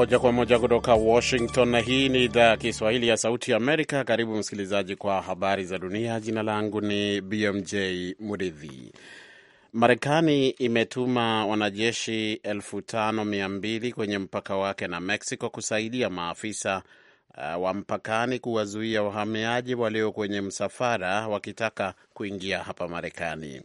moja kwa moja kutoka Washington, na hii ni idhaa ya Kiswahili ya Sauti ya Amerika. Karibu msikilizaji kwa habari za dunia. Jina langu ni BMJ Muridhi. Marekani imetuma wanajeshi elfu tano mia mbili kwenye mpaka wake na Mexico kusaidia maafisa uh, wa mpakani kuwazuia wahamiaji walio kwenye msafara wakitaka kuingia hapa Marekani.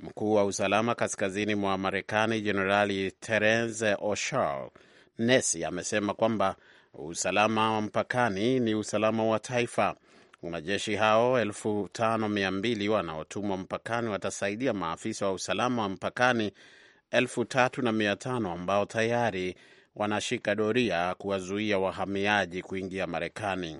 Mkuu wa usalama kaskazini mwa Marekani Jenerali Terence O'Shall Nesi amesema kwamba usalama wa mpakani ni usalama wa taifa. Wanajeshi hao elfu tano mia mbili wanaotumwa mpakani watasaidia maafisa wa usalama wa mpakani elfu tatu na mia tano ambao tayari wanashika doria kuwazuia wahamiaji kuingia Marekani.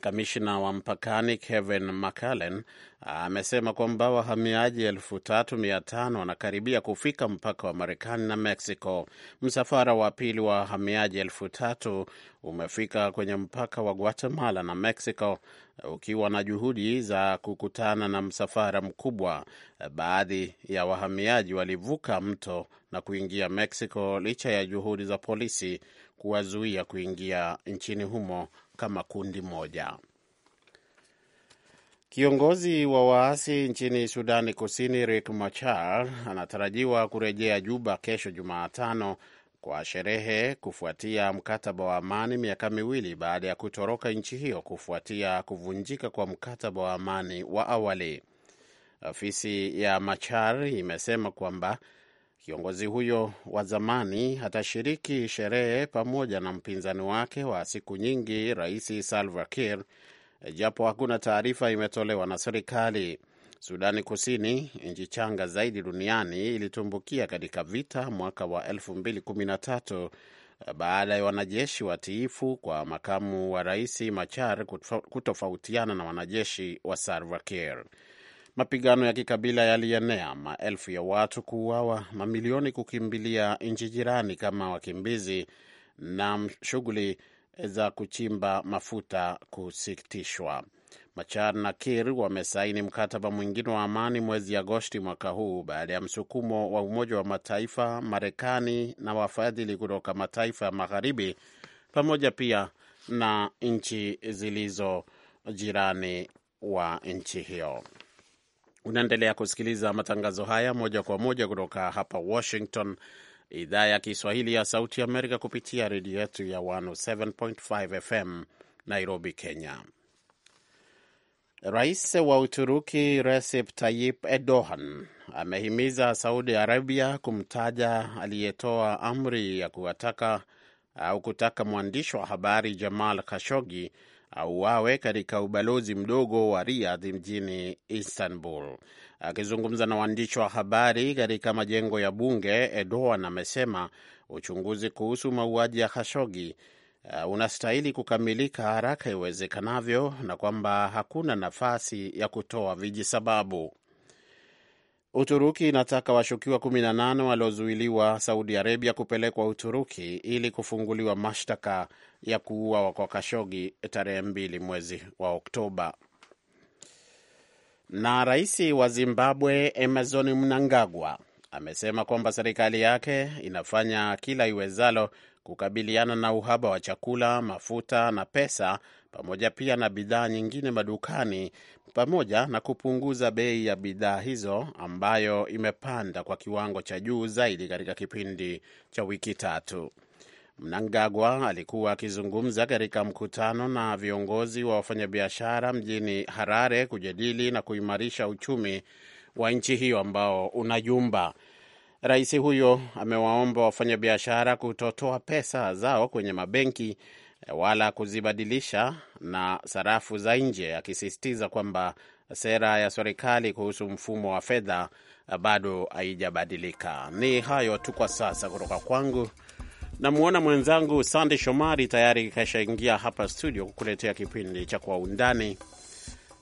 Kamishna wa mpakani Kevin mcalen amesema kwamba wahamiaji elfu tatu mia tano wanakaribia kufika mpaka wa Marekani na Mexico. Msafara wa pili wa wahamiaji elfu tatu umefika kwenye mpaka wa Guatemala na Mexico ukiwa na juhudi za kukutana na msafara mkubwa. Baadhi ya wahamiaji walivuka mto na kuingia Mexico licha ya juhudi za polisi kuwazuia kuingia nchini humo kama kundi moja. Kiongozi wa waasi nchini Sudani Kusini Riek Machar anatarajiwa kurejea Juba kesho Jumatano kwa sherehe kufuatia mkataba wa amani miaka miwili baada ya kutoroka nchi hiyo kufuatia kuvunjika kwa mkataba wa amani wa awali. Ofisi ya Machar imesema kwamba Kiongozi huyo wa zamani atashiriki sherehe pamoja na mpinzani wake wa siku nyingi, Rais Salva Kiir, japo hakuna taarifa imetolewa na serikali. Sudani Kusini, nchi changa zaidi duniani, ilitumbukia katika vita mwaka wa 2013 baada ya wanajeshi watiifu kwa makamu wa rais Machar kutofautiana na wanajeshi wa Salva Kiir. Mapigano ya kikabila yalienea, maelfu ya watu kuuawa, mamilioni kukimbilia nchi jirani kama wakimbizi, na shughuli za kuchimba mafuta kusitishwa. Machar na Kir wamesaini mkataba mwingine wa amani mwezi Agosti mwaka huu baada ya msukumo wa Umoja wa Mataifa, Marekani na wafadhili kutoka mataifa ya Magharibi pamoja pia na nchi zilizo jirani wa nchi hiyo. Unaendelea kusikiliza matangazo haya moja kwa moja kutoka hapa Washington, idhaa ya Kiswahili ya Sauti ya Amerika, kupitia redio yetu ya 107.5 FM Nairobi, Kenya. Rais wa Uturuki Recep Tayyip Erdogan amehimiza Saudi Arabia kumtaja aliyetoa amri ya kuwataka au kutaka mwandishi wa habari Jamal Khashoggi auawe katika ubalozi mdogo wa Riyadh mjini Istanbul. Akizungumza na waandishi wa habari katika majengo ya bunge, Erdogan amesema uchunguzi kuhusu mauaji ya Khashoggi uh, unastahili kukamilika haraka iwezekanavyo na kwamba hakuna nafasi ya kutoa vijisababu. Uturuki inataka washukiwa 18 waliozuiliwa Saudi Arabia kupelekwa Uturuki ili kufunguliwa mashtaka ya kuuawa kwa Kashogi tarehe 2 mwezi wa Oktoba. Na rais wa Zimbabwe Emmerson Mnangagwa amesema kwamba serikali yake inafanya kila iwezalo kukabiliana na uhaba wa chakula, mafuta na pesa pamoja pia na bidhaa nyingine madukani pamoja na kupunguza bei ya bidhaa hizo ambayo imepanda kwa kiwango cha juu zaidi katika kipindi cha wiki tatu. Mnangagwa alikuwa akizungumza katika mkutano na viongozi wa wafanyabiashara mjini Harare kujadili na kuimarisha uchumi wa nchi hiyo ambao unayumba. Rais huyo amewaomba wafanyabiashara kutotoa pesa zao kwenye mabenki wala kuzibadilisha na sarafu za nje, akisisitiza kwamba sera ya serikali kuhusu mfumo wa fedha bado haijabadilika. Ni hayo tu kwa sasa kutoka kwangu. Namwona mwenzangu Sandi Shomari tayari kashaingia hapa studio kukuletea kipindi cha Kwa Undani.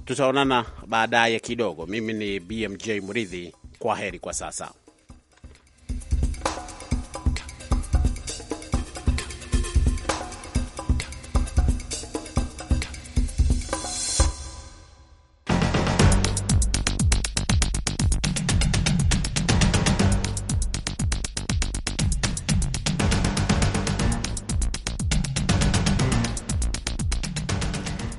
Tutaonana baadaye kidogo. Mimi ni BMJ mridhi kwa heri kwa sasa.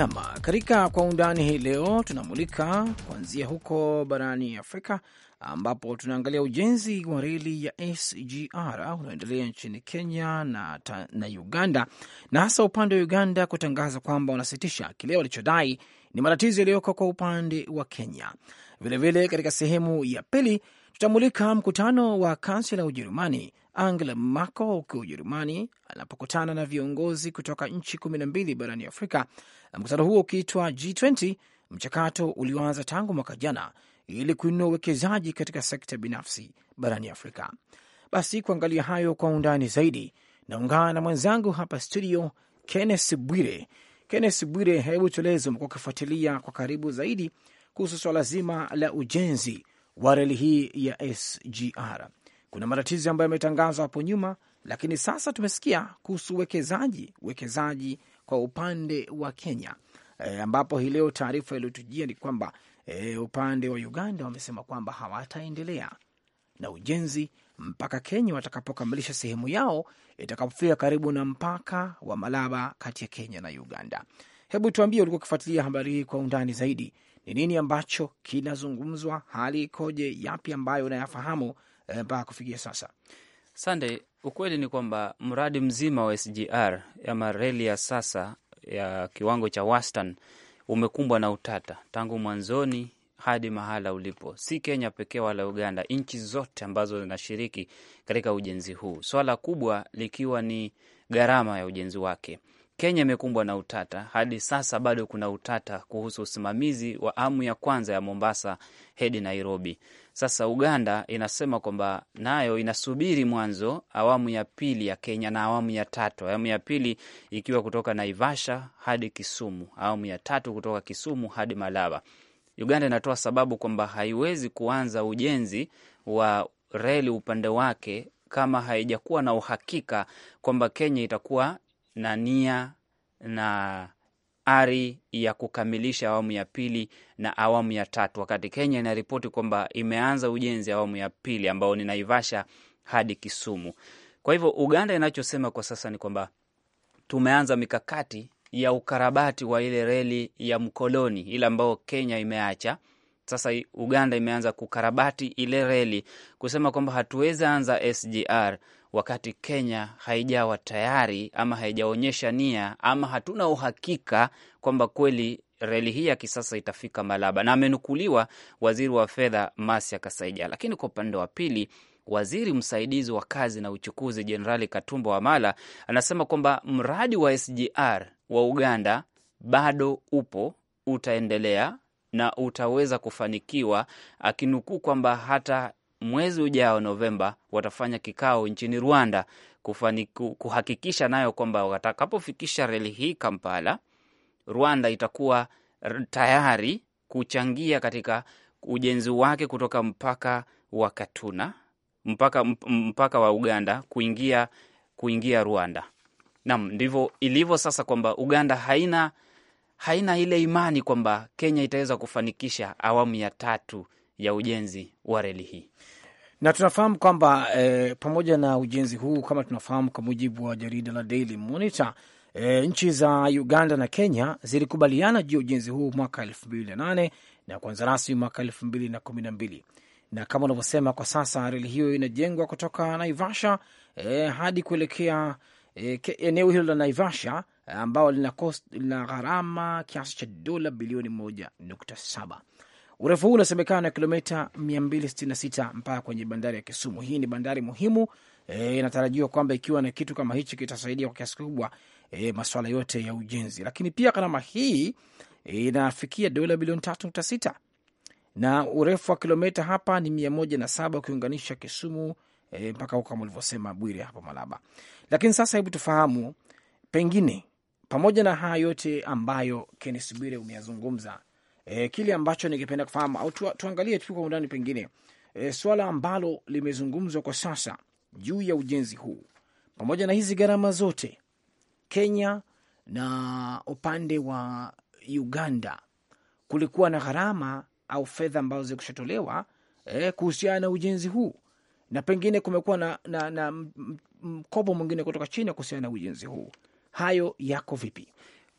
nam katika kwa undani hii leo tunamulika kuanzia huko barani Afrika ambapo tunaangalia ujenzi wa reli ya SGR unaoendelea nchini Kenya na, na Uganda na hasa upande wa Uganda kutangaza kwamba wanasitisha kile walichodai ni matatizo yaliyoko kwa upande wa Kenya. Vilevile vile, katika sehemu ya pili tutamulika mkutano wa kansela ya Ujerumani Angela Merkel huko Ujerumani anapokutana na viongozi kutoka nchi kumi na mbili barani Afrika, na mkutano huo ukiitwa G20, mchakato ulioanza tangu mwaka jana ili kuinua uwekezaji katika sekta binafsi barani Afrika. Basi kuangalia hayo kwa undani zaidi, naungana na mwenzangu hapa studio Kenneth Bwire. Kenneth Bwire, hebu tueleze, umekuwa ukifuatilia kwa karibu zaidi kuhusu swala zima la ujenzi wa reli hii ya SGR. Kuna matatizo ambayo yametangazwa hapo nyuma, lakini sasa tumesikia kuhusu uwekezaji uwekezaji kwa upande wa Kenya e, ambapo hii leo taarifa iliyotujia ni kwamba e, upande wa Uganda wamesema kwamba hawataendelea na ujenzi mpaka Kenya watakapokamilisha sehemu yao itakapofika karibu na mpaka wa Malaba kati ya Kenya na Uganda. Hebu tuambie, ulikuwa ukifuatilia habari hii kwa undani zaidi, ni nini ambacho kinazungumzwa? Hali ikoje? Yapi ambayo unayafahamu Eh, mpaka kufikia sasa. Sande, ukweli ni kwamba mradi mzima wa SGR ama reli ya sasa ya kiwango cha wastan umekumbwa na utata tangu mwanzoni hadi mahala ulipo. Si Kenya pekee wala Uganda, nchi zote ambazo zinashiriki katika ujenzi huu, swala kubwa likiwa ni gharama ya ujenzi wake. Kenya imekumbwa na utata hadi sasa, bado kuna utata kuhusu usimamizi wa amu ya kwanza ya Mombasa hadi Nairobi. Sasa Uganda inasema kwamba nayo inasubiri mwanzo awamu ya pili ya Kenya na awamu ya tatu, awamu ya pili ikiwa kutoka Naivasha hadi Kisumu, awamu ya tatu kutoka Kisumu hadi Malaba. Uganda inatoa sababu kwamba haiwezi kuanza ujenzi wa reli upande wake kama haijakuwa na uhakika kwamba Kenya itakuwa na nia na ari ya kukamilisha awamu ya pili na awamu ya tatu, wakati Kenya inaripoti kwamba imeanza ujenzi awamu ya pili ambao ni Naivasha hadi Kisumu. Kwa hivyo Uganda inachosema kwa sasa ni kwamba tumeanza mikakati ya ukarabati wa ile reli ya mkoloni ile ambayo Kenya imeacha. Sasa Uganda imeanza kukarabati ile reli, kusema kwamba hatuwezi anza SGR wakati Kenya haijawa tayari ama haijaonyesha nia ama hatuna uhakika kwamba kweli reli hii ya kisasa itafika Malaba, na amenukuliwa waziri wa fedha Masia Kasaija. Lakini kwa upande wa pili waziri msaidizi wa kazi na uchukuzi Jenerali Katumba Wamala anasema kwamba mradi wa SGR wa Uganda bado upo, utaendelea na utaweza kufanikiwa, akinukuu kwamba hata mwezi ujao Novemba watafanya kikao nchini Rwanda kufani, kuhakikisha nayo kwamba watakapofikisha reli hii Kampala, Rwanda itakuwa tayari kuchangia katika ujenzi wake kutoka mpaka wa Katuna mpaka, mpaka wa Uganda kuingia, kuingia Rwanda. Naam, ndivyo ilivyo sasa kwamba Uganda haina haina ile imani kwamba Kenya itaweza kufanikisha awamu ya tatu ya ujenzi wa reli hii na tunafahamu kwamba e, pamoja na ujenzi huu kama tunafahamu kwa mujibu wa jarida la Daily Monitor e, nchi za Uganda na Kenya zilikubaliana juu ya ujenzi huu mwaka elfu mbili na nane na kuanza rasmi mwaka elfu mbili na kumi na mbili na kama unavyosema kwa sasa reli hiyo inajengwa kutoka Naivasha e, hadi kuelekea e, eneo hilo la Naivasha ambao lina, lina gharama kiasi cha dola bilioni moja nukta saba Urefu huu unasemekana kilomita 266 mpaka kwenye bandari ya Kisumu. Hii ni bandari muhimu e, inatarajiwa kwamba ikiwa na kitu kama hichi kitasaidia kwa kiasi kikubwa e, masuala yote ya ujenzi, lakini pia gharama hii inafikia e, dola bilioni 3.6 na urefu wa kilomita hapa ni 107 ukiunganisha Kisumu e, mpaka huko kama ulivyosema Bwire hapo Malaba. Lakini sasa hebu tufahamu pengine pamoja na haya yote ambayo Kennes Bwire umeyazungumza E, kile ambacho ningependa kufahamu au tu, tuangalie tu kwa undani pengine e, swala ambalo limezungumzwa kwa sasa juu ya ujenzi huu pamoja na hizi gharama zote, Kenya na upande wa Uganda kulikuwa na gharama au fedha ambazo zilikushatolewa e, kuhusiana na ujenzi huu na pengine kumekuwa na, na, na mkopo mwingine kutoka China kuhusiana na ujenzi huu. Hayo yako vipi?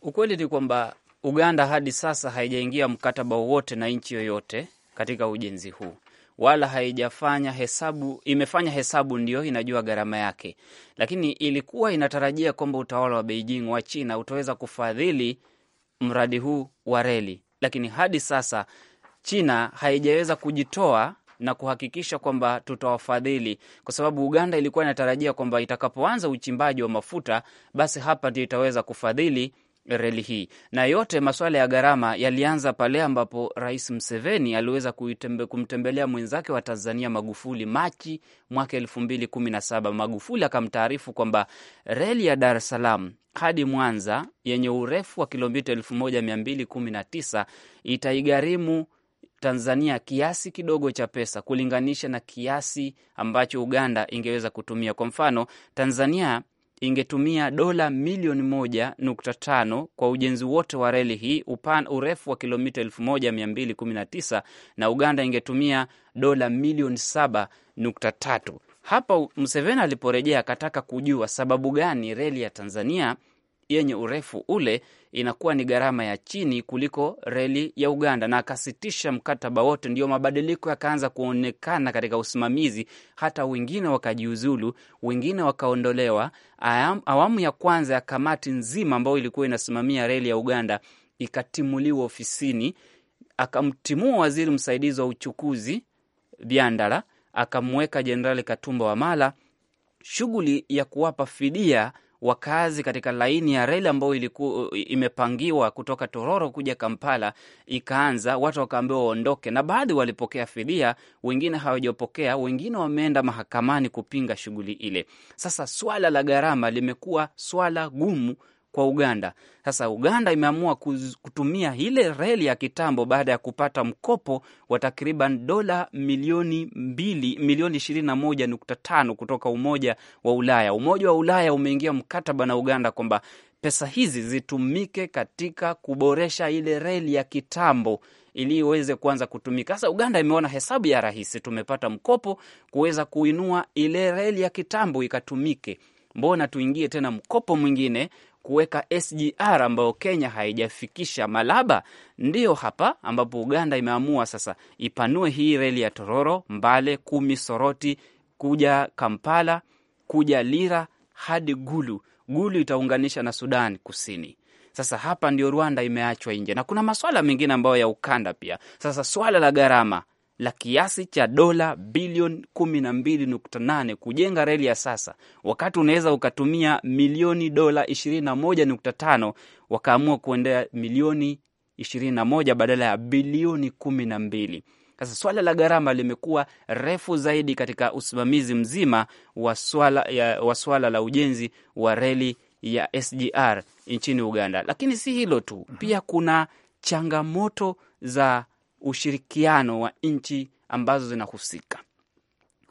Ukweli ni kwamba Uganda hadi sasa haijaingia mkataba wowote na nchi yoyote katika ujenzi huu wala haijafanya hesabu. Imefanya hesabu ndio inajua gharama yake, lakini ilikuwa inatarajia kwamba utawala wa Beijing wa China utaweza kufadhili mradi huu wa reli, lakini hadi sasa China haijaweza kujitoa na kuhakikisha kwamba tutawafadhili, kwa sababu Uganda ilikuwa inatarajia kwamba itakapoanza uchimbaji wa mafuta, basi hapa ndio itaweza kufadhili reli hii, na yote masuala ya gharama yalianza pale ambapo Rais Mseveni aliweza kumtembelea mwenzake wa Tanzania Magufuli Machi mwaka elfu mbili kumi na saba. Magufuli akamtaarifu kwamba reli ya Dar es Salaam hadi Mwanza yenye urefu wa kilomita elfu moja mia mbili kumi na tisa itaigharimu Tanzania kiasi kidogo cha pesa kulinganisha na kiasi ambacho Uganda ingeweza kutumia. Kwa mfano, Tanzania ingetumia dola milioni moja nukta tano kwa ujenzi wote wa reli hii upan urefu wa kilomita elfu mbili 1219 na Uganda ingetumia dola milioni saba nukta tatu. Hapa Museveni aliporejea akataka kujua sababu gani reli ya Tanzania yenye urefu ule inakuwa ni gharama ya chini kuliko reli ya Uganda, na akasitisha mkataba wote. Ndio mabadiliko yakaanza kuonekana katika usimamizi, hata wengine wakajiuzulu, wengine wakaondolewa. Awamu ya kwanza ya kamati nzima ambayo ilikuwa inasimamia reli ya Uganda ikatimuliwa ofisini, akamtimua waziri msaidizi wa uchukuzi Byandala, akamweka Jenerali Katumba Wamala. Shughuli ya kuwapa fidia wakazi katika laini ya reli ambayo ilikuwa imepangiwa kutoka Tororo kuja Kampala ikaanza, watu wakaambiwa waondoke, na baadhi walipokea fidia, wengine hawajapokea, wengine wameenda mahakamani kupinga shughuli ile. Sasa swala la gharama limekuwa swala gumu kwa Uganda. Sasa Uganda imeamua kutumia ile reli ya kitambo baada ya kupata mkopo wa takriban dola milioni mbili milioni ishirini na moja nukta tano kutoka Umoja wa Ulaya. Umoja wa Ulaya umeingia mkataba na Uganda kwamba pesa hizi zitumike katika kuboresha ile reli ya kitambo ili iweze kuanza kutumika. Sasa Uganda imeona hesabu ya rahisi, tumepata mkopo kuweza kuinua ile reli ya kitambo ikatumike, mbona tuingie tena mkopo mwingine kuweka SGR ambayo Kenya haijafikisha Malaba, ndiyo hapa ambapo Uganda imeamua sasa ipanue hii reli ya Tororo, Mbale, Kumi, Soroti kuja Kampala, kuja Lira hadi Gulu. Gulu itaunganisha na Sudan Kusini. Sasa hapa ndio Rwanda imeachwa nje, na kuna maswala mengine ambayo ya ukanda pia. Sasa swala la gharama la kiasi cha dola bilioni kumi na mbili nukta nane kujenga reli ya sasa, wakati unaweza ukatumia milioni dola ishirini na moja nukta tano wakaamua kuendea milioni ishirini na moja badala ya bilioni kumi na mbili Sasa swala la gharama limekuwa refu zaidi katika usimamizi mzima wa swala, ya, wa swala la ujenzi wa reli ya SGR nchini Uganda. Lakini si hilo tu, pia kuna changamoto za ushirikiano wa nchi ambazo zinahusika.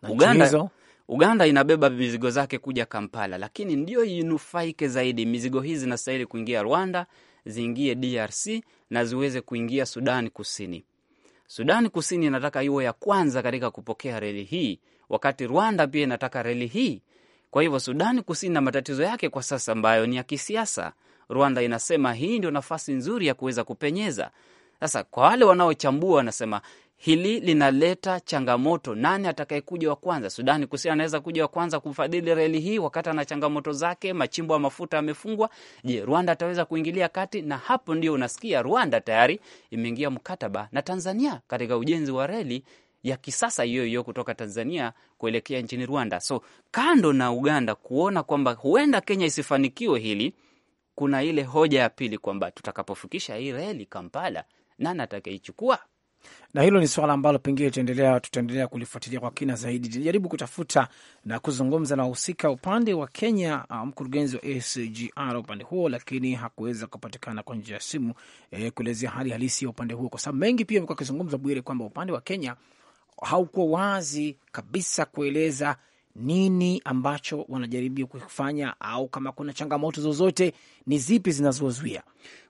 Uganda, Uganda inabeba mizigo zake kuja Kampala, lakini ndio inufaike zaidi. Mizigo hii zinastahili kuingia Rwanda, ziingie DRC na ziweze kuingia Sudani Kusini. Sudani Kusini inataka iwe ya kwanza katika kupokea reli hii, wakati Rwanda pia inataka reli hii. Kwa hivyo Sudani Kusini na matatizo yake kwa sasa ambayo ni ya kisiasa, Rwanda inasema hii ndio nafasi nzuri ya kuweza kupenyeza. Sasa kwa wale wanaochambua wanasema hili linaleta changamoto. Nani atakayekuja wa kwanza? Sudani Kusini anaweza kuja wa kwanza kumfadhili reli hii, wakati ana changamoto zake, machimbo ya mafuta yamefungwa. Je, Rwanda ataweza kuingilia kati? Na hapo ndio unasikia Rwanda tayari imeingia mkataba na Tanzania katika ujenzi wa reli ya kisasa hiyo hiyo kutoka Tanzania kuelekea nchini Rwanda. So kando na Uganda kuona kwamba huenda Kenya isifanikiwe hili, kuna ile hoja ya pili kwamba tutakapofikisha hii reli Kampala nani atakayeichukua? Na hilo ni swala ambalo pengine tutaendelea tutaendelea kulifuatilia kwa kina zaidi. Tujaribu kutafuta na kuzungumza na wahusika upande wa Kenya, uh, mkurugenzi wa SGR upande huo, lakini hakuweza kupatikana kwa njia ya simu eh, kuelezea hali halisi ya upande huo, kwa sababu mengi pia amekuwa akizungumza Bwire kwamba upande wa Kenya haukuwa wazi kabisa kueleza nini ambacho wanajaribu kufanya, au kama kuna changamoto zozote ni zipi zinazozuia?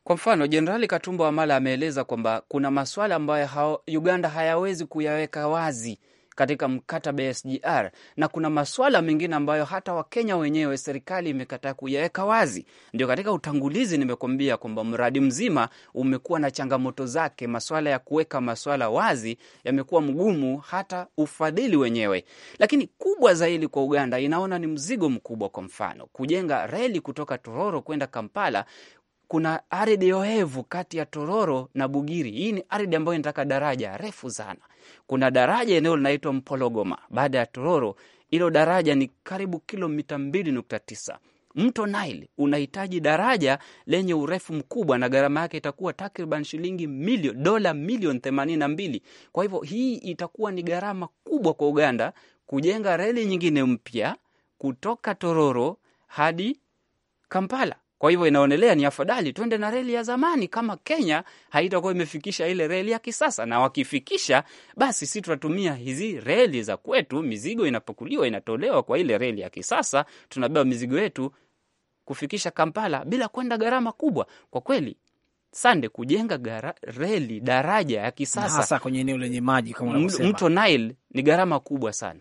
Kwa mfano, Jenerali katumba Wamala ameeleza kwamba kuna maswala ambayo Uganda hayawezi kuyaweka wazi katika mkataba ya SGR, na kuna maswala mengine ambayo hata Wakenya wenyewe serikali imekataa kuyaweka wazi. Ndio katika utangulizi nimekuambia kwamba mradi mzima umekuwa na changamoto zake. Maswala ya kuweka maswala wazi yamekuwa mgumu, hata ufadhili wenyewe. Lakini kubwa zaidi kwa Uganda inaona ni mzigo mkubwa. Kwa mfano, kujenga reli kutoka Tororo kwenda Kampala kuna ardhi yohevu kati ya Tororo na Bugiri. Hii ni ardhi ambayo inataka daraja refu sana kuna daraja eneo linaitwa Mpologoma baada ya Tororo. ilo daraja ni karibu kilomita mbili nukta tisa. Mto Nile unahitaji daraja lenye urefu mkubwa na gharama yake itakuwa takriban shilingi milio, dola milioni themanini na mbili. Kwa hivyo hii itakuwa ni gharama kubwa kwa Uganda kujenga reli nyingine mpya kutoka Tororo hadi Kampala. Kwa hivyo inaonelea ni afadhali twende na reli ya zamani, kama Kenya haitakuwa imefikisha ile reli ya kisasa, na wakifikisha, basi si tutatumia hizi reli za kwetu. Mizigo inapakuliwa inatolewa kwa ile reli ya kisasa, tunabeba mizigo yetu kufikisha Kampala bila kwenda gharama kubwa. Kwa kweli Sande, kujenga gara, reli daraja ya kisasa hasa kwenye eneo lenye maji kama unavyosema mto Nile ni gharama kubwa sana.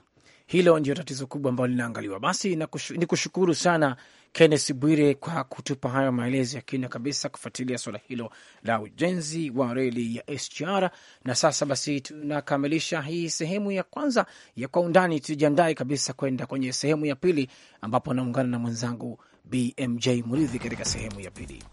Hilo ndio tatizo kubwa ambalo linaangaliwa. Basi ni kushukuru sana Kenneth Bwire kwa kutupa hayo maelezo ya kina kabisa kufuatilia suala hilo la ujenzi wa reli ya SGR. Na sasa basi tunakamilisha hii sehemu ya kwanza ya Kwa Undani, tujiandae kabisa kwenda kwenye sehemu ya pili ambapo naungana na mwenzangu BMJ Muridhi katika sehemu ya pili.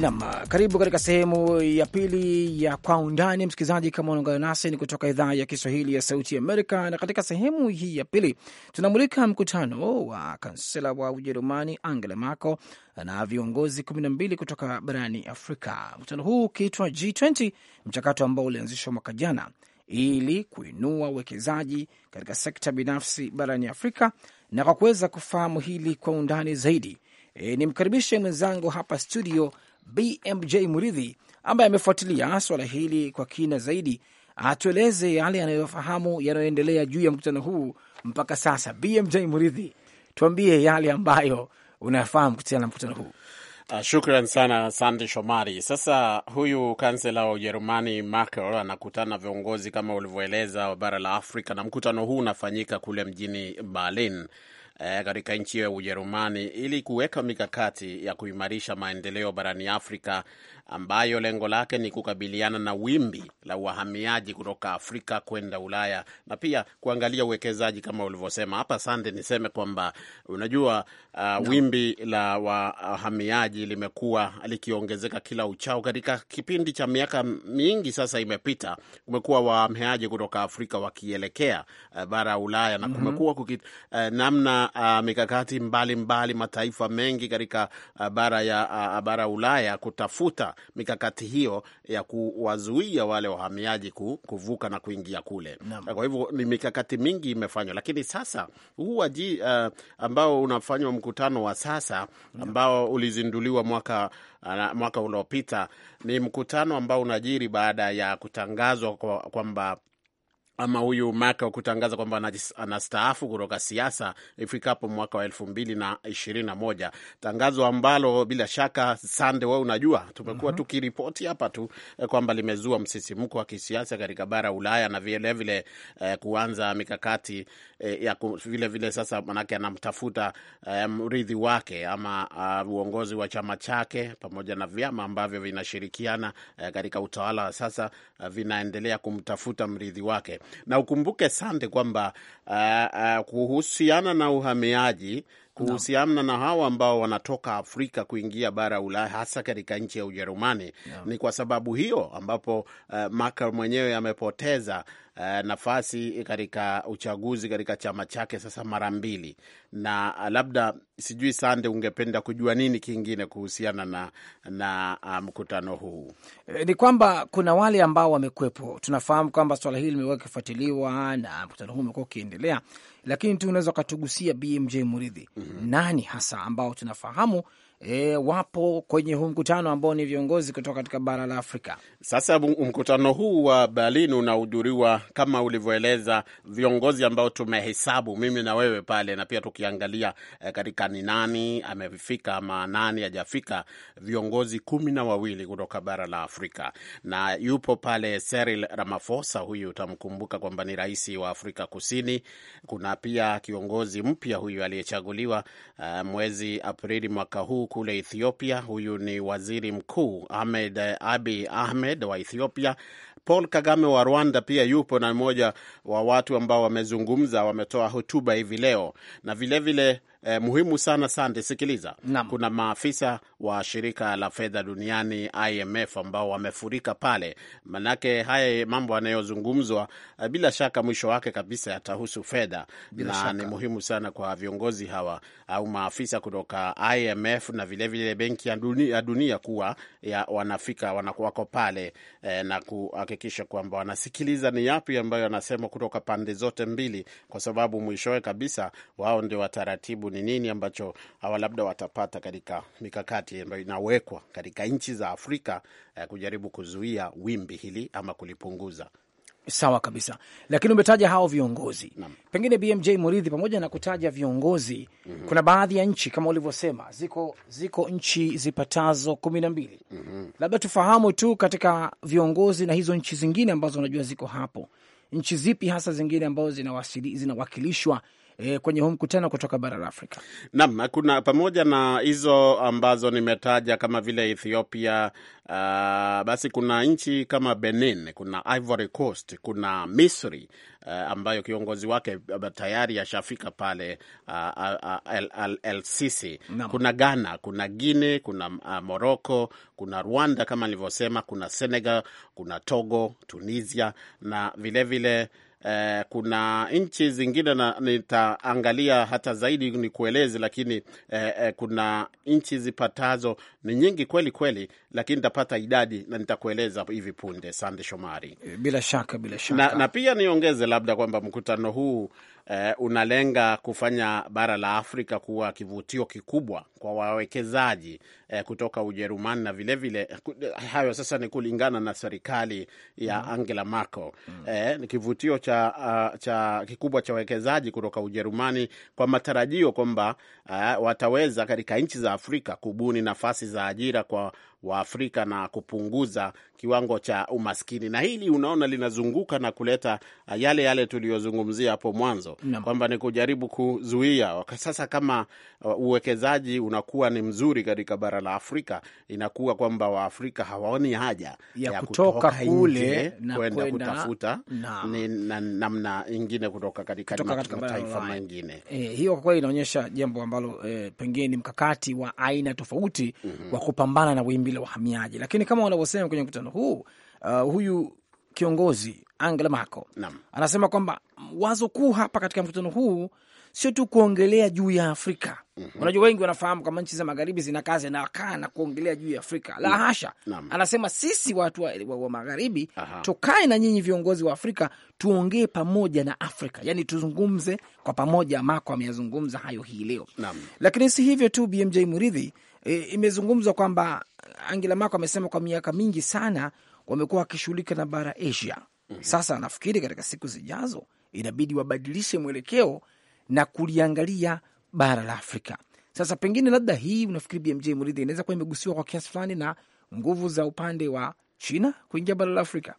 Nam, karibu katika sehemu ya pili ya Kwa Undani. Msikilizaji, kama unaungana nasi ni kutoka idhaa ya Kiswahili ya Sauti Amerika, na katika sehemu hii ya pili tunamulika mkutano wa kansela wa Ujerumani Angela Merkel na viongozi kumi na mbili kutoka barani Afrika, mkutano huu ukiitwa G20, mchakato ambao ulianzishwa mwaka jana ili kuinua uwekezaji katika sekta binafsi barani Afrika. Na kwa kuweza kufahamu hili kwa undani zaidi, e, nimkaribishe mwenzangu hapa studio BMJ Muridhi ambaye amefuatilia swala hili kwa kina zaidi atueleze yale yanayofahamu yanayoendelea juu ya mkutano huu mpaka sasa. BMJ Muridhi, tuambie yale ambayo unayofahamu kuhusiana na mkutano huu. Ah, shukran sana Sande Shomari. Sasa huyu kansela wa Ujerumani Merkel anakutana viongozi kama ulivyoeleza wa bara la Afrika, na mkutano huu unafanyika kule mjini Berlin e, katika nchi hiyo ya Ujerumani ili kuweka mikakati ya kuimarisha maendeleo barani Afrika ambayo lengo lake ni kukabiliana na wimbi la wahamiaji kutoka Afrika kwenda Ulaya na pia kuangalia uwekezaji kama ulivyosema hapa. Sande, niseme kwamba unajua, uh, no. wimbi la wahamiaji limekuwa likiongezeka kila uchao katika kipindi cha miaka mingi sasa imepita. Kumekuwa wahamiaji kutoka Afrika wakielekea uh, bara ya Ulaya na mm-hmm. kumekuwa kuki, uh, namna uh, mikakati mbalimbali mbali, mataifa mengi katika uh, bara ya uh, bara Ulaya kutafuta mikakati hiyo ya kuwazuia wale wahamiaji kuvuka na kuingia kule Nama. Kwa hivyo ni mikakati mingi imefanywa, lakini sasa huu waji uh, eh, ambao unafanywa mkutano wa sasa ambao ulizinduliwa mwaka eh, mwaka uliopita ni mkutano ambao unajiri baada ya kutangazwa kwamba kwa ama huyu Merkel kutangaza kwamba anastaafu kutoka siasa ifikapo mwaka wa elfu mbili na ishirini na moja, tangazo ambalo bila shaka Sande, we unajua tumekuwa mm -hmm. tukiripoti hapa tu eh, kwamba limezua msisimko wa kisiasa katika bara Ulaya na vilevile vile, eh, kuanza mikakati eh, ya vilevile vile sasa, manake anamtafuta eh, mrithi wake ama uh, uongozi wa chama chake pamoja na vyama ambavyo vinashirikiana eh, katika utawala wa sasa eh, vinaendelea kumtafuta mrithi wake na ukumbuke Sande kwamba uh, uh, kuhusiana na uhamiaji kuhusiana na hawa ambao wanatoka Afrika kuingia bara ya Ulaya, hasa katika nchi ya Ujerumani. No. Ni kwa sababu hiyo ambapo uh, Merkel mwenyewe amepoteza uh, nafasi katika uchaguzi katika chama chake sasa mara mbili, na eh, labda sijui Sande, ungependa kujua nini kingine kuhusiana na, na ah, mkutano um, huu? E, ni kwamba kuna wale ambao wamekwepo. Tunafahamu kwamba swala hili limekuwa na mkutano huu umekuwa ukiendelea lakini tu unaweza ukatugusia BMJ Muridhi, mm -hmm. nani hasa ambao tunafahamu e, wapo kwenye huu mkutano ambao ni viongozi kutoka katika bara la Afrika. Sasa mkutano huu wa Berlin unahudhuriwa kama ulivyoeleza, viongozi ambao tumehesabu mimi na wewe pale, na pia tukiangalia e, katika ni nani amefika ama nani hajafika, viongozi kumi na wawili kutoka bara la Afrika, na yupo pale Cyril Ramaphosa, huyu utamkumbuka kwamba ni rais wa Afrika Kusini. Kuna pia kiongozi mpya huyu aliyechaguliwa eh, mwezi Aprili mwaka huu kule Ethiopia. Huyu ni waziri mkuu Ahmed eh, Abi Ahmed wa Ethiopia. Paul Kagame wa Rwanda pia yupo na mmoja wa watu ambao wamezungumza, wametoa hotuba hivi leo na vilevile vile eh, muhimu sana sande. Sikiliza Nam. kuna maafisa wa shirika la fedha duniani IMF ambao wamefurika pale, manake haya mambo yanayozungumzwa eh, bila shaka mwisho wake kabisa yatahusu fedha na shaka. Ni muhimu sana kwa viongozi hawa au maafisa kutoka IMF na vilevile benki ya dunia, dunia kuwa ya wanafika wanakuwako pale eh, na kuhakikisha kwamba wanasikiliza ni yapi ambayo yanasema kutoka pande zote mbili, kwa sababu mwishowe kabisa wao ndio wataratibu karibu ni nini ambacho hawa labda watapata katika mikakati ambayo inawekwa katika nchi za Afrika eh, kujaribu kuzuia wimbi hili ama kulipunguza. Sawa kabisa, lakini umetaja hao viongozi Nam. Pengine BMJ Muridhi, pamoja na kutaja viongozi mm -hmm. kuna baadhi ya nchi kama ulivyosema, ziko, ziko nchi zipatazo kumi na mbili mm -hmm. labda tufahamu tu katika viongozi na hizo nchi zingine ambazo unajua ziko hapo, nchi zipi hasa zingine ambazo zinawakilishwa eh, kwenye huu mkutano kutoka bara la Afrika. Naam, kuna pamoja na hizo ambazo nimetaja kama vile Ethiopia, uh, basi kuna nchi kama Benin, kuna Ivory Coast, kuna Misri uh, ambayo kiongozi wake tayari ashafika pale lcc uh, ah, kuna Ghana, kuna Guinea, kuna uh, Morocco, kuna Rwanda kama nilivyosema, kuna Senegal, kuna Togo, Tunisia na vilevile vile eh, kuna nchi zingine na nitaangalia hata zaidi ni kueleze, lakini eh, eh, kuna nchi zipatazo ni nyingi kweli kweli, lakini nitapata idadi na nitakueleza hivi punde. Sande Shomari, eh, bila shaka, bila shaka. Na, na pia niongeze labda kwamba mkutano huu eh, unalenga kufanya bara la Afrika kuwa kivutio kikubwa kwa wawekezaji eh, kutoka Ujerumani na vilevile vile, hayo sasa ni kulingana na serikali ya mm. Angela Merkel mm. eh, ni kivutio cha, uh, cha kikubwa cha wawekezaji kutoka Ujerumani kwa matarajio kwamba uh, wataweza katika nchi za Afrika kubuni nafasi za ajira kwa wa Afrika na kupunguza kiwango cha umaskini. Na hili unaona linazunguka na kuleta uh, yale yale tuliyozungumzia hapo mwanzo kwamba ni kujaribu kuzuia. Sasa kama uh, uwekezaji unakuwa ni mzuri katika bara la Afrika, inakuwa kwamba Waafrika hawaoni haja ya, ya kutoka kule kwenda kutafuta na namna ingine kutoka katika mataifa mengine. E, hiyo kwa kweli inaonyesha jambo ambalo e, pengine ni mkakati wa aina tofauti mm -hmm. wa kupambana na wimbi wimbi la wahamiaji, lakini kama wanavyosema kwenye mkutano huu uh, huyu kiongozi Angela Merkel anasema kwamba wazo kuu hapa katika mkutano huu sio tu kuongelea juu ya Afrika. mm -hmm. Unajua, wengi wanafahamu kwamba nchi za magharibi zina kazi na na kuongelea juu ya Afrika la hasha. Naam. Anasema sisi watu wa, wa, wa magharibi tukae na nyinyi viongozi wa Afrika tuongee pamoja na Afrika, yani tuzungumze kwa pamoja. Mako ameyazungumza hayo hii leo, lakini si hivyo tu, BMJ Muridhi, e, imezungumzwa kwamba Angela Merkel amesema kwa miaka mingi sana wamekuwa wakishughulika na bara Asia. mm -hmm. Sasa anafikiri katika siku zijazo inabidi wabadilishe mwelekeo na kuliangalia bara la Afrika. Sasa pengine labda hii unafikiri BMJ Muridhi inaweza kuwa imegusiwa kwa kiasi fulani na nguvu za upande wa China kuingia bara la Afrika?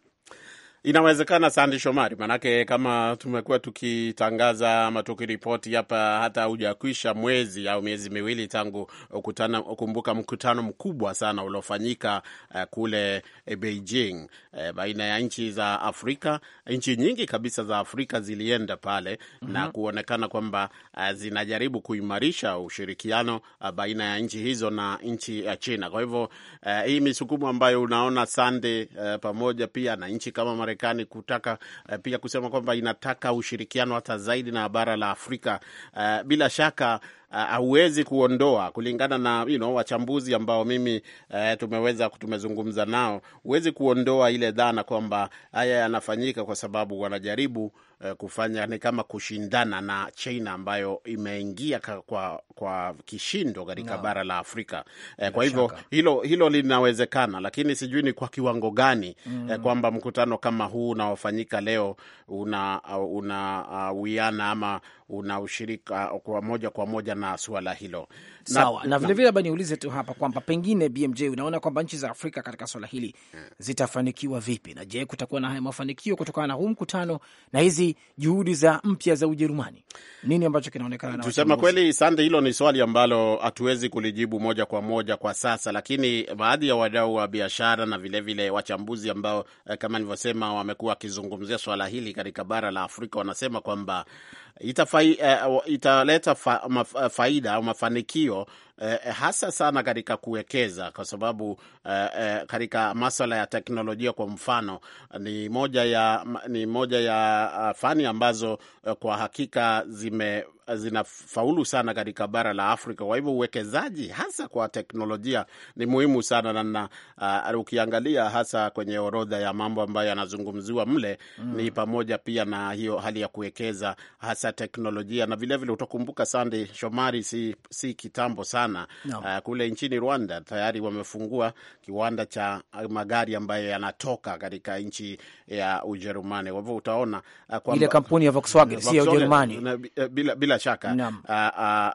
Inawezekana Sandi Shomari, manake kama tumekuwa tukitangaza ama tukiripoti hapa, hata hujakwisha mwezi au miezi miwili tangu ukutana, kumbuka mkutano mkubwa sana uliofanyika uh, kule uh, Beijing uh, baina ya nchi za Afrika. Nchi nyingi kabisa za Afrika zilienda pale mm -hmm. na kuonekana kwamba uh, zinajaribu kuimarisha ushirikiano uh, baina ya nchi hizo na nchi ya China. Kwa hivyo uh, hii misukumo ambayo unaona Sandi uh, pamoja pia na nchi kama Marekani kutaka uh, pia kusema kwamba inataka ushirikiano hata zaidi na bara la Afrika. Uh, bila shaka Uh, hauwezi uh, kuondoa kulingana na you know, wachambuzi ambao mimi uh, tumeweza tumezungumza nao, huwezi kuondoa ile dhana kwamba haya yanafanyika kwa sababu wanajaribu uh, kufanya ni kama kushindana na China ambayo imeingia kwa, kwa kishindo katika no. bara la Afrika eh, kwa hivyo hilo, hilo linawezekana, lakini sijui ni kwa kiwango gani mm. eh, kwamba mkutano kama huu unaofanyika leo una, una, uh, wiana ama una ushirika kwa moja kwa moja na suala hilo. Sawa na vilevile, labda niulize tu hapa kwamba pengine BMJ, unaona kwamba nchi za Afrika katika swala hili zitafanikiwa vipi, na je, kutakuwa na haya mafanikio kutokana na huu mkutano na hizi juhudi za mpya za Ujerumani? Nini ambacho kinaonekana? tusema kweli, Sande, hilo ni swali ambalo hatuwezi kulijibu moja kwa moja kwa sasa, lakini baadhi ya wadau wa biashara na vilevile vile wachambuzi ambao eh, kama nilivyosema wamekuwa wakizungumzia swala hili katika bara la Afrika wanasema kwamba eh, italeta fa, maf, eh, faida au mafanikio hiyo Eh, eh, hasa sana katika kuwekeza kwa sababu eh, eh, katika maswala ya teknolojia kwa mfano ni moja ya, ni moja ya uh, fani ambazo eh, kwa hakika zime zinafaulu sana katika bara la Afrika. Kwa hivyo uwekezaji hasa kwa teknolojia ni muhimu sana na uh, ukiangalia hasa kwenye orodha ya mambo ambayo yanazungumziwa mle mm, ni pamoja pia na hiyo hali ya kuwekeza hasa teknolojia, na vilevile utakumbuka, Sande Shomari, si, si kitambo sana sana no. Uh, kule nchini Rwanda tayari wamefungua kiwanda cha magari ambayo yanatoka katika nchi ya Ujerumani. Kwa hivyo utaona uh, ile kampuni ya Volkswagen si ya Ujerumani eh, bila, bila shaka no.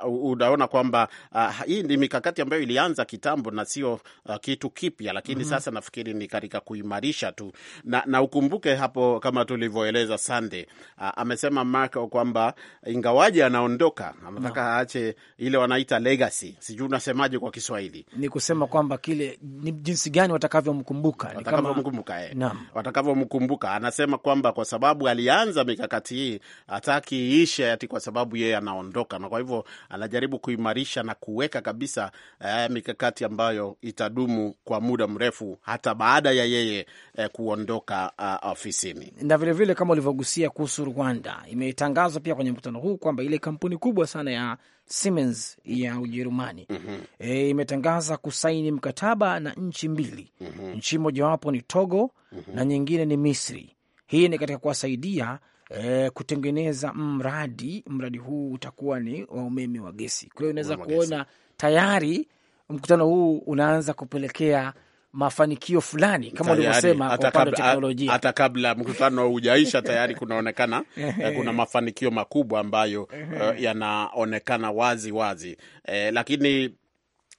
Uh, uh, utaona kwamba uh, hii ni mikakati ambayo ilianza kitambo na sio uh, kitu kipya, lakini mm -hmm. Sasa nafikiri ni katika kuimarisha tu na, na ukumbuke hapo kama tulivyoeleza Sande uh, amesema Marco kwamba ingawaji anaondoka anataka no. aache ile wanaita legacy sijui unasemaje kwa Kiswahili, ni kusema kwamba kile ni jinsi gani watakavyomkumbuka, watakavyomkumbuka eh, watakavyomkumbuka. Anasema kwamba kwa sababu alianza mikakati hii, hataki iishe ati kwa sababu yeye anaondoka, na kwa hivyo anajaribu kuimarisha na kuweka kabisa eh, mikakati ambayo itadumu kwa muda mrefu hata baada ya yeye eh, kuondoka uh, ofisini. Na vilevile vile kama ulivyogusia kuhusu Rwanda, imetangazwa pia kwenye mkutano huu kwamba ile kampuni kubwa sana ya Siemens ya Ujerumani mm -hmm. E, imetangaza kusaini mkataba na nchi mbili mm -hmm. Nchi mojawapo ni Togo mm -hmm. na nyingine ni Misri. Hii ni katika kuwasaidia e, kutengeneza mradi. Mradi huu utakuwa ni wa umeme wa gesi, kwa hiyo unaweza kuona tayari mkutano huu unaanza kupelekea mafanikio fulani kama ulivyosema, hata kabla, kabla mkutano hujaisha tayari kunaonekana eh, kuna mafanikio makubwa ambayo uh, yanaonekana wazi wazi eh, lakini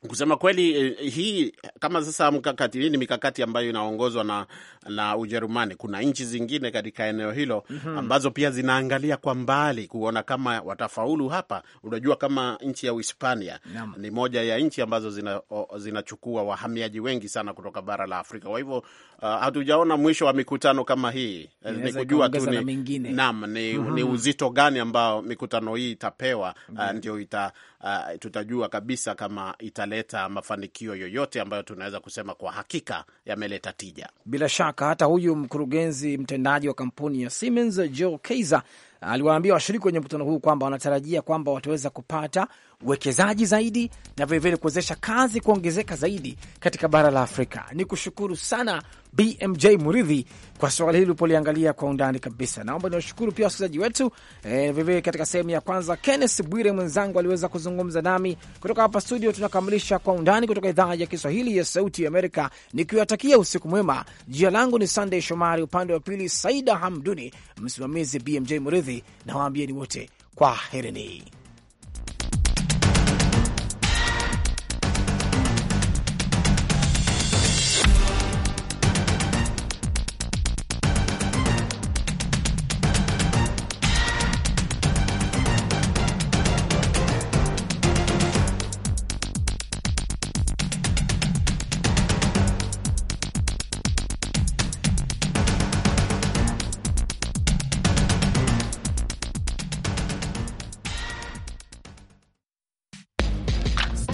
Kusema kweli eh, hii kama sasa mkakati hii ni mikakati ambayo inaongozwa na, na Ujerumani. Kuna nchi zingine katika eneo hilo mhm. ambazo pia zinaangalia kwa mbali kuona kama watafaulu hapa. Unajua, kama nchi ya Uhispania ni moja ya nchi ambazo zinachukua zina, wahamiaji wengi sana kutoka bara la Afrika. Kwa hivyo uh, hatujaona mwisho wa mikutano kama hii, eh, ni kujua tu ni, naam, ni, ni mhm. uzito gani ambao mikutano hii itapewa uh, ndio ita uh, tutajua kabisa kama italeta mafanikio yoyote ambayo tunaweza kusema kwa hakika yameleta tija. Bila shaka hata huyu mkurugenzi mtendaji wa kampuni ya Siemens Joe Kaiser aliwaambia washiriki kwenye mkutano huu kwamba wanatarajia kwamba wataweza kupata uwekezaji zaidi na vilevile kuwezesha kazi kuongezeka zaidi katika bara la Afrika. Ni kushukuru sana BMJ Muridhi kwa swali hili ulipoliangalia kwa undani kabisa. Naomba niwashukuru pia wasikilizaji wetu vilevile eh, katika sehemu ya kwanza Kenneth Bwire mwenzangu aliweza kuzungumza nami kutoka hapa studio. Tunakamilisha kwa undani kutoka idhaa ya Kiswahili ya Sauti ya Amerika, nikiwatakia usiku mwema. Jina langu ni sandey Shomari, upande wa pili Saida Hamduni, msimamizi BMJ Muridhi, na wote kwa herini.